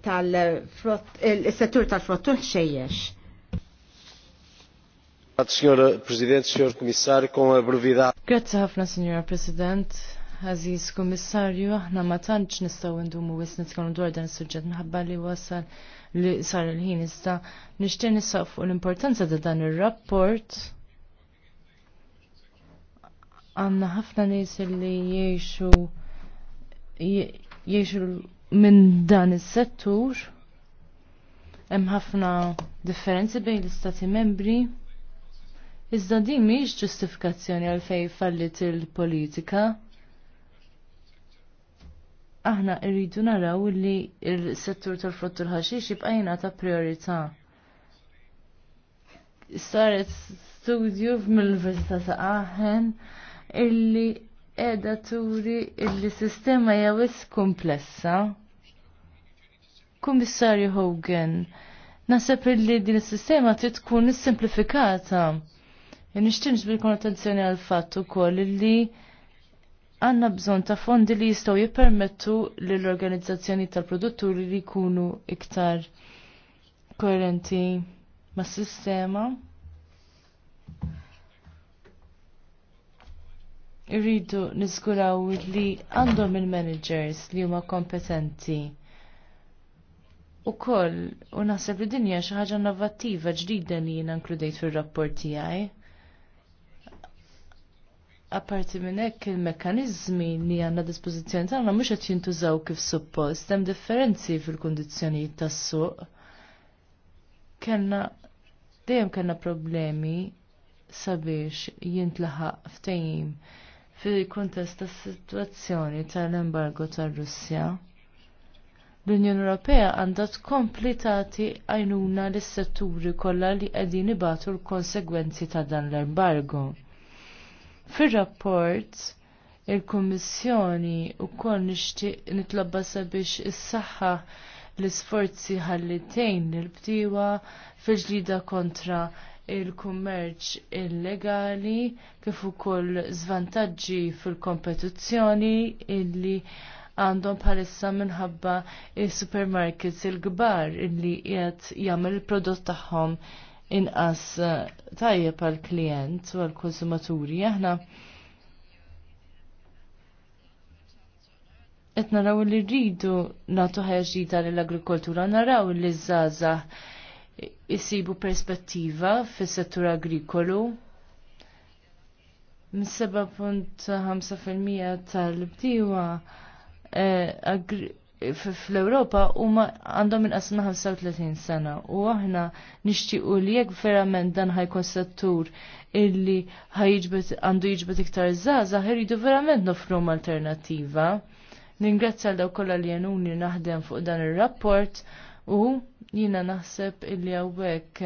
tal-settur tal-frottur xejjex. Signora President, Signor Komissar, kom brevidad. Grazie ħafna, Signora President. Aziz Komissarju, aħna ma tantx nistgħu ndumu wis nitkellmu dwar dan is-suġġett minħabba li wasal li sar il-ħin iżda nixtieq nisaq fuq l-importanza ta' dan ir-rapport għandna ħafna nies li jgħixu jiexu minn dan is-settur hemm ħafna differenzi bejn l-istati membri. Iżda din mhix ġustifikazzjoni għal fejn fallit il-politika. Aħna rridu naraw li il settur tal-frott u ħaxix jibqa' jingħata priorità. Saret studju mill-Università ta' Aħen illi edha turi il-sistema jawis komplessa. Kummissarju Hogan, nasab li din il-sistema trid tkun simplifikata. Nishtimx bil-konotazzjoni għal-fatt ukoll li għanna bżon ta' fondi li jistaw jippermettu li l-organizzazzjoni tal-produtturi li jkunu iktar koerenti ma' sistema irridu niskuraw li għandhom il-managers li huma kompetenti. U koll, u naħseb li dinja ħaġa innovattiva ġdida li jiena inkludejt fir rapport tiegħi. Apparti minn hekk il mekkaniżmi li għandna dispożizzjoni tagħna mhux qed jintużaw kif suppost, hemm differenzi fil-kundizzjonijiet tas-suq. Kenna dejjem kellna problemi sabiex jintlaħaq ftehim fil-kontest ta' situazzjoni tal-embargo tal-Russja. L-Unjoni Ewropea għandha tkomplitati għajnuna lis setturi kollha li qegħdin ibatu l-konsegwenzi ta' dan l-embargo. Fir-rapport, il-Kummissjoni wkoll nixtieq nitlobba sabiex is-saħħa l-isforzi ħallitejn l-bdiewa fil-ġlida kontra il-kummerċ illegali kif ukoll żvantaġġi fil-kompetizzjoni illi għandhom bħalissa minħabba il-supermarkets il-kbar illi qiegħed jagħmel il-prodott tagħhom inqas eh, tajjeb għall klijent u għall konsumaturi aħna qed naraw li rridu nagħtu ħajja ġdida lill-agrikoltura naraw li żgħażagħ jisibu perspettiva fis-settur agrikolu. 7.5% tal-bdiewa eh, fl-Europa huma għandhom inqas minn 35 sena u aħna nixtiequ li jekk verament dan ħajkun settur illi ħajġbet għandu jiġbet iktar żgħażagħ iridu verament nofrum alternattiva. Ningrazzja għal daw kollha li jenuni naħdem fuq dan ir-rapport u jina naħseb illi għawek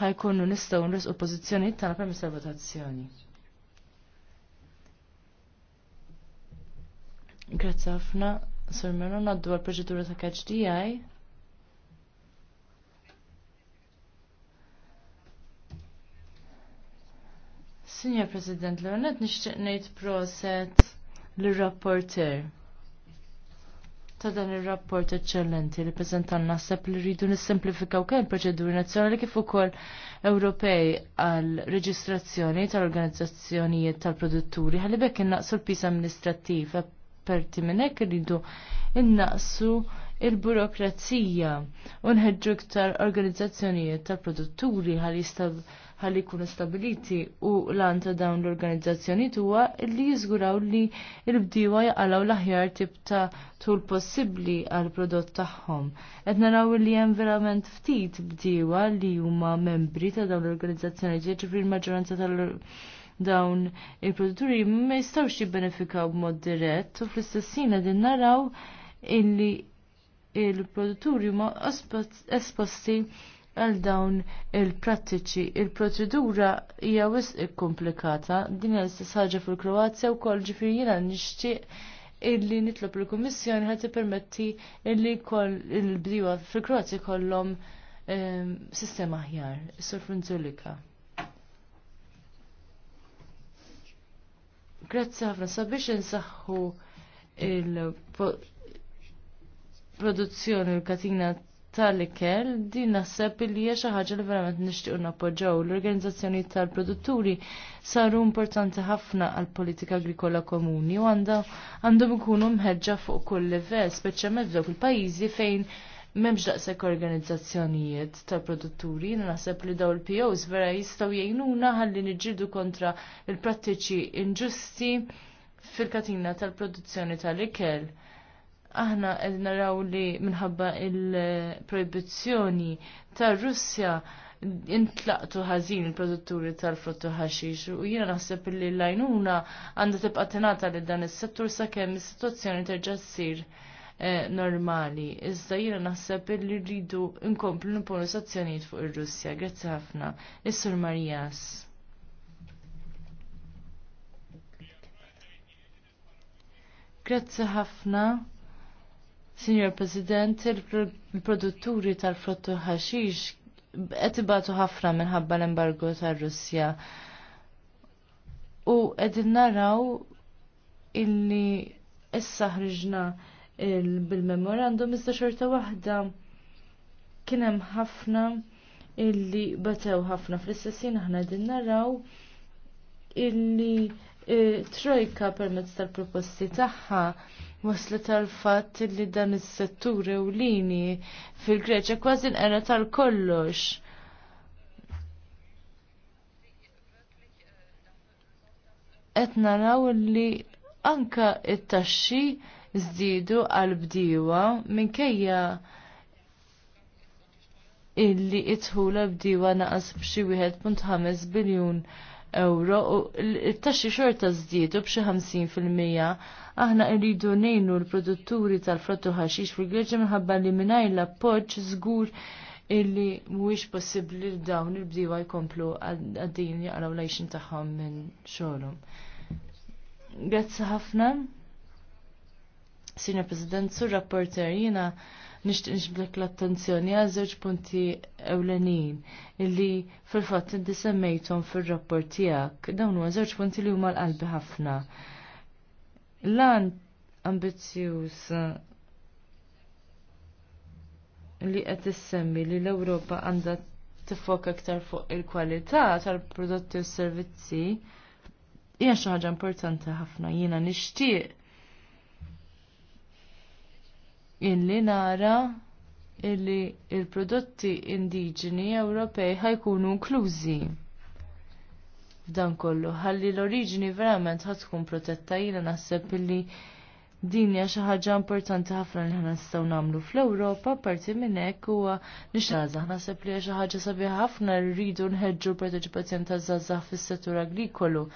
ħajkunu nistaw nrisqu pozizjoni tana permess tal-votazzjoni. Grazie ħafna, Sir Mero, naddu għal-proċedura ta' KHDI. Signor President, l-għonet nishtiq nejt proset l-rapporter ta' dan ir-rapport eċċellenti li preżentan naħseb li rridu nissimplifikaw kemm proċeduri nazzjonali kif ukoll Ewropej għal reġistrazzjoni tal-organizzazzjonijiet tal-produtturi ħalli bekk innaqsu l-pis amministrativ perti minn hekk irridu innaqsu il-burokrazija u nħeġġu iktar organizzazzjonijiet tal-produtturi ħalli jistgħu ħalli jkunu stabiliti u lan ta' dawn l-organizzazzjoni huwa li jiżguraw li l-bdiewa jgħalaw l-aħjar tip ta' tul possibbli għal prodott tagħhom. Qed naraw li hemm verament ftit bdiewa li huma membri ta' dawn l-organizzazzjoni ġifieri fil maġġoranza tal- dawn il-produtturi ma jistawx jibbenefikaw b'mod dirett u fl-istessina din naraw illi il-produtturi ma esposti għal dawn il-prattiċi. Il-proċedura hija wisq komplikata, din hija l-istess ħaġa fil-Kroazja wkoll ġifieri jiena nixtieq illi nitlob il-Kummissjoni ħadd permetti illi kol il-bdiewa fil-Kroazja kollhom ehm, sistema aħjar Sur Grazzi ħafna sabiex insaħħu il-produzzjoni l-katina tal-ikel din naħseb li hija xi ħaġa li verament nixtiequ nappoġġaw. L-organizzazzjoni tal-produtturi saru importanti ħafna għal politika agrikola komuni u għandhom ikunu mħeġġa fuq kull livell, speċjalment f'dawk il-pajjiżi fejn m'hemmx daqshekk organizzazzjonijiet tal-produtturi, jiena naħseb li daw il-POs vera jistgħu jgħinuna ħalli niġġieldu kontra il-prattiċi inġusti fil-katina tal-produzzjoni tal-ikel. tal produzzjoni tal ikel aħna qed naraw li minħabba il-proibizzjoni ta' Russja intlaqtu ħażin il-produtturi tal-fruttu ħaxix u jiena naħseb li l-lajnuna għandha tibqa' tingħata li dan is-settur sakemm is-sitwazzjoni terġa' ssir eh, normali. Iżda jiena naħseb li rridu nkomplu nimponu sazzjonijiet fuq ir-Russja. Grazzi ħafna. Is-Sur Marijas. Grazzi ħafna. Signor President, il-produtturi tal-frottu ħaxix qed ibatu ħafna minħabba l-embargo tar-Russja. U qegħdin naraw illi issa ħriġna bil-memorandum iżda xorta waħda kien hemm ħafna illi batew ħafna fl-istessin aħna din naraw illi eh, trojka permezz tal-proposti tagħha waslet tal-fatt li dan is-settur ewlieni fil-Greċja kważi nqera tal-kollox. Qed naraw li anka it-taxxi żdiedu għal bdiewa minkejja illi itħula bdiewa naqas b'xi wieħed punt ħames biljun euro u t taxxi xorta żdiedu b'xi 50 fil-mija. Aħna rridu nejnu l-produtturi tal-frottu ħaxix fil-Greġa minħabba li mingħajr l-appoġġ żgur illi mhuwiex possibbli li dawn il-bdiewa jkomplu għaddin jaqraw lajxin tagħhom minn xogħolhom. Grazzi ħafna. Sina President, sur rapporter, jina nixtieq nixblek l-attenzjoni għal żewġ punti ewlenin illi fil-fatt inti semmejthom fir-rapport tiegħek. Dawn huwa żewġ punti li huma l-qalbi ħafna. Lan ambizzjuż li qed issemmi li l-Ewropa għandha tiffoka iktar fuq il-kwalità tal-prodotti u s-servizzi hija xi ħaġa importanti ħafna jiena nixtieq illi nara illi il-prodotti indiġeni Ewropej ħajkunu inklużi f'dan kollu. Ħalli l-oriġini verament tkun protetta jiena naħseb illi din hija xi ħaġa importanti ħafna li ħna nistgħu nagħmlu fl-Ewropa, parti minn hekk huwa nixtieq naħseb li hija xi ħaġa sabiħa ħafna rridu nħeġġu l-parteċipazzjoni taż-żgħażagħ fis-settur agrikolu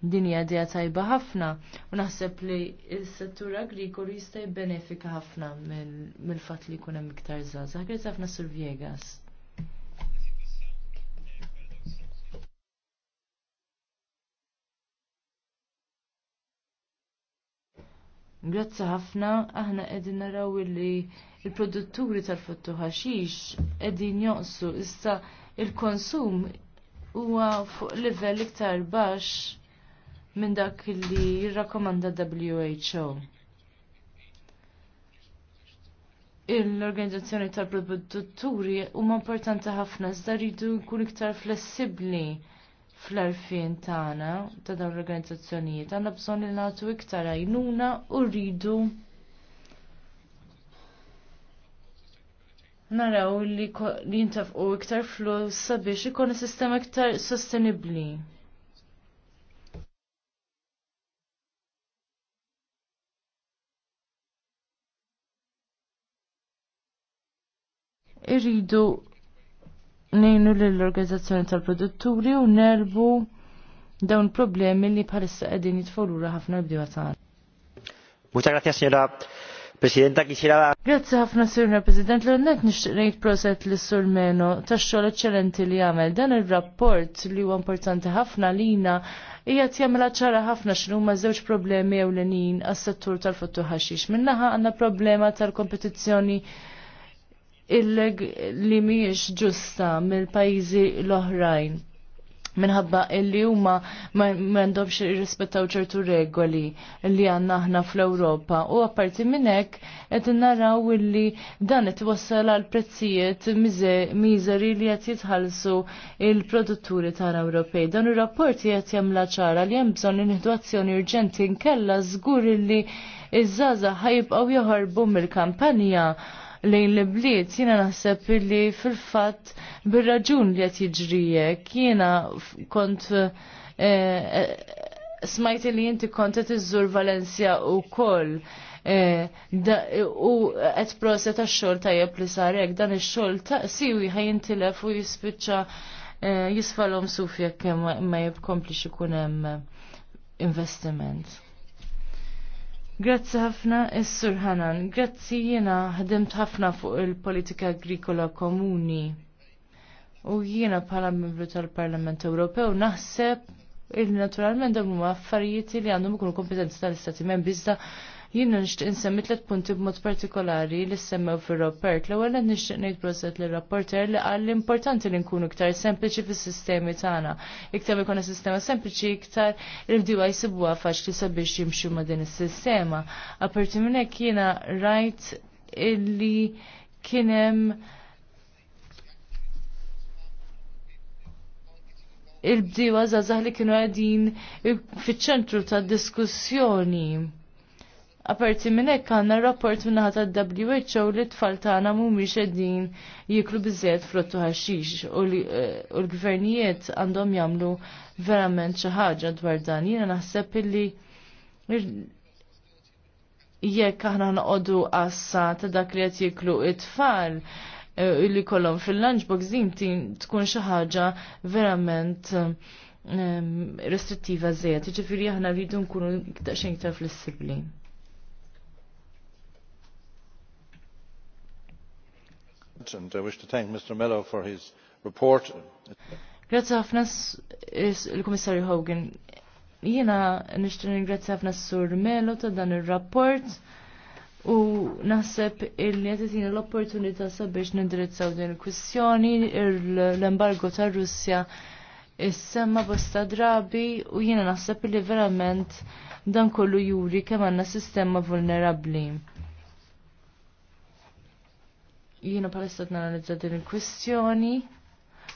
din hija tajba ħafna u naħseb li s-settur agrikolu jista' jibbenefika ħafna mill-fatt li jkun hemm iktar żgħażagħ. Grazzi ħafna Sur Viegas. Grazzi ħafna, aħna qegħdin naraw li il-produtturi tal futtu ħaxix qegħdin joqsu issa il-konsum huwa fuq livell iktar baxx minn dak li jirrakkomanda WHO. l-organizzazzjoni tal-produtturi huma importanti ħafna iżda rridu jkun iktar flessibbli fl arfien tagħna ta' dawn l-organizzazzjonijiet. Għandna bżonn li nagħtu iktar għajnuna u rridu naraw li jintafqu iktar flus sabiex ikun is-sistema iktar sostenibbli. irridu nejnu l-organizzazzjoni tal-produtturi u nerbu dawn problemi li bħalissa qegħdin jitfolura ħafna bdiewa tagħna. Muchas gracias, signora Presidenta, quisiera... Grazie ħafna, Sirna President. L-għannet nixtiqnejt proset li Sur Meno ta' xogħol eċċellenti li għamel. Dan il-rapport li huwa importanti ħafna lina hija jagħmilha ċara ħafna x'inhu ma' żewġ problemi ewlenin għas-settur tal-futtu ħaxix. Minnaħa għandna problema tal-kompetizzjoni li mhijiex ġusta mill-pajjiżi l-oħrajn minħabba illi huma m'għandhomx irrispettaw ċertu regoli li għandna aħna fl-Ewropa. U apparti minn hekk qed naraw illi dan qed wassal għal prezzijiet miżeri li qed jitħallsu il-produtturi tal Ewropej. Dan ir-rapport qed jagħmla ċara li hemm bżonn nieħdu azzjoni urġenti nkella żgur illi iż-żaza ħajibqgħu joħorbu mill-kampanja lejn li bliet, jina naħseb li fil-fat bil-raġun li għat jġrijek, jina kont eh, eh, smajt li jinti kont għat iżżur Valencia eh, u koll. U għet prosa ta' xol tajjeb li sarek, dan il-xol ta' siwi ħajintilef u jispicċa jisfalom sufja kem ma kompli xikunem investiment. Grazzi ħafna is-Sur Hanan, grazzi jiena ħdimt ħafna fuq il-politika agrikola komuni. U jiena bħala membru tal-Parlament Ewropew naħseb il-naturalment dawn huma affarijiet li għandhom ikunu kompetenzi tal-Istati Membri iżda Jiena nishtiq insemmi tliet punti b'mod partikolari li semmew fir Robert. L-ewwel qed nixtieq ngħid proset li rapporter li qal l-importanti li nkunu iktar sempliċi fis-sistemi tagħna. Iktar ikun sistema sempliċi iktar il-bdiewa jsibuha faċli sabiex jimxu ma' din is-sistema. Apparti minn hekk jiena rajt illi kien hemm il-bdiwa zazah li kienu għadin fiċ-ċentru tad diskussjoni. Aperti minn hekk għandna rapport minn ħadd WHO li t-tfal tagħna mhumiex qegħdin jiklu biżejjed frottu ħaxix e, u l-gvernijiet għandhom jagħmlu verament xi ħaġa dwar dan. Jiena naħseb illi jekk aħna noqogħdu assa ta' dak li qed jiklu it-tfal e, li kollhom fil-lunchbox din tkun xi ħaġa verament e, restrittiva żejjed, jiġifieri aħna rridu nkunu daqsxejn iktar flessibbli. president and i wish to thank mr for his report. Grazzi ħafna il-Kummissarju Hogan. Jiena nixtieq ringrazzja ħafna s-Sur Melo ta' dan ir-rapport u naħseb illi għetitina l-opportunità sabiex nindirizzaw din il-kwistjoni l-embargo tar Russja issemma bosta drabi u jiena naħseb illi verament dan kollu juri kemm għandna sistema vulnerabbli. Jiena palissa t-nanalizza din il-kwestjoni,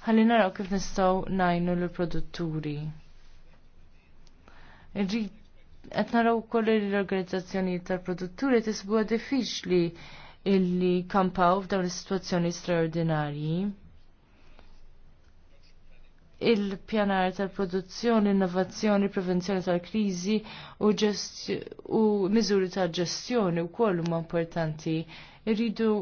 ħalli naraw kif nistaw najnu l-produtturi. Qed naraw ukoll li l-organizzazzjoni tal-produtturi tisbu diffiċli illi kampaw f'dawn is-sitwazzjoni straordinarji il-pjanar tal-produzzjoni, innovazzjoni, prevenzjoni tal-krizi u, u miżuri tal-ġestjoni u kollu ma importanti. Irridu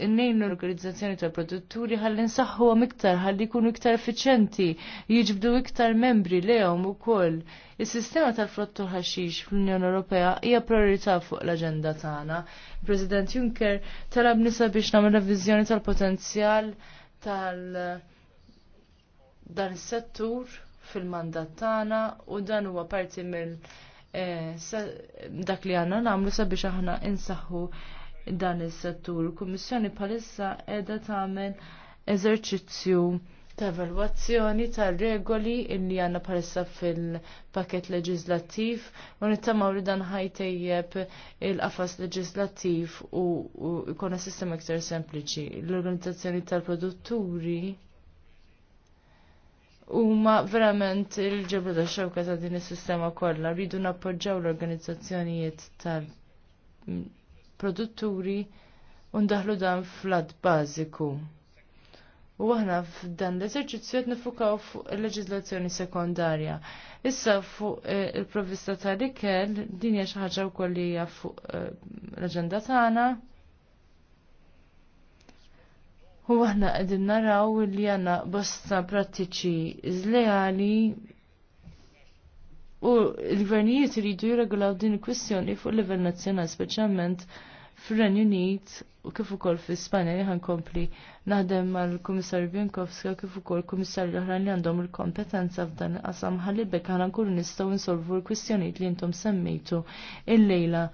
nejn l-organizzazzjoni tal-produtturi ħalli nsaħħu għam iktar, ħalli jkunu iktar effiċenti, jiġbdu iktar membri u ukoll. Is-sistema tal-frottur ħaxix fl-Unjoni Ewropea hija priorità fuq l-aġenda tagħna. President Juncker talab nisa biex nagħmel reviżjoni tal-potenzjal tal dan is-settur fil-mandat tagħna u dan huwa parti mill eh, dak li għanna namlu sabiex aħna insaħħu dan is-settur. Il-Kummissjoni bħalissa qiegħda tagħmel eżerċizzju ta' evalwazzjoni ta' regoli illi għanna parissa fil-paket leġislattiv u nittamaw li dan ħajtejjeb il-qafas leġislattiv u ikona sistema iktar sempliċi. L-organizzazzjoni tal-produtturi u ma verament il-ġebra ta' xewka ta' din is-sistema kollha rridu nappoġġaw l-organizzazzjonijiet tal- produtturi u ndaħlu dan fl-ad bażiku. U aħna f'dan l-eżerċizzju qed nifukaw fuq il leġizlazzjoni sekondarja. Issa fuq eh, il-provvista ta' ikel din hija xi ħaġa wkoll hija fuq eh, l-aġenda tagħna. U aħna qegħdin naraw li għandna bosta prattiċi żleali u l-gvernijiet iridu jiregulaw din il-kwistjoni fuq livell nazzjonali speċjalment fir-Renju Unit u kif ukoll fl-Ispanja li ħankompli naħdem mal-Kummissarju Bjankowska kif ukoll kummissarju oħrajn li għandhom il-kompetenza f'dan qasam ħalli bekk ħana nkunu nistgħu nsolvu l-kwistjonijiet li intom semmejtu illejla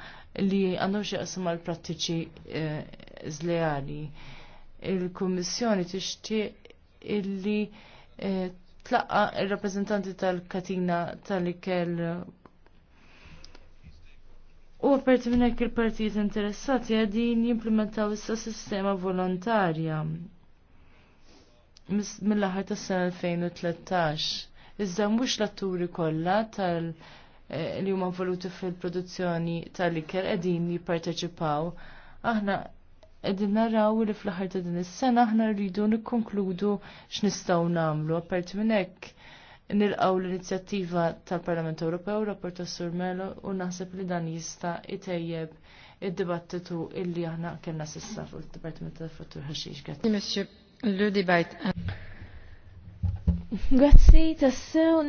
li għandhom xi qasam mal-prattiċi eh, żleali. Il-Kummissjoni tixtieq illi eh, tlaqqa il rappreżentanti tal-katina tal-ikel U għaperti minn hekk il-partijiet interessati għadin jimplementaw issa sistema volontarja mill-aħħar tas sena 2013. Iżda mux l-atturi kollha tal- eh, li huma voluti fil-produzzjoni tal-iker qegħdin jipparteċipaw. Aħna qegħdin naraw li fl aħħar ta' din is-sena aħna rridu nikkonkludu x'nistgħu nagħmlu apparti minn hekk nilqaw l-inizjattiva tal-Parlament Ewropew, rapport Sur Melo, u naħseb li dan jista' itejjeb id-dibattitu illi aħna kellna sissa fuq id dipartiment tal futur Ħaxix. Grazzi tassew.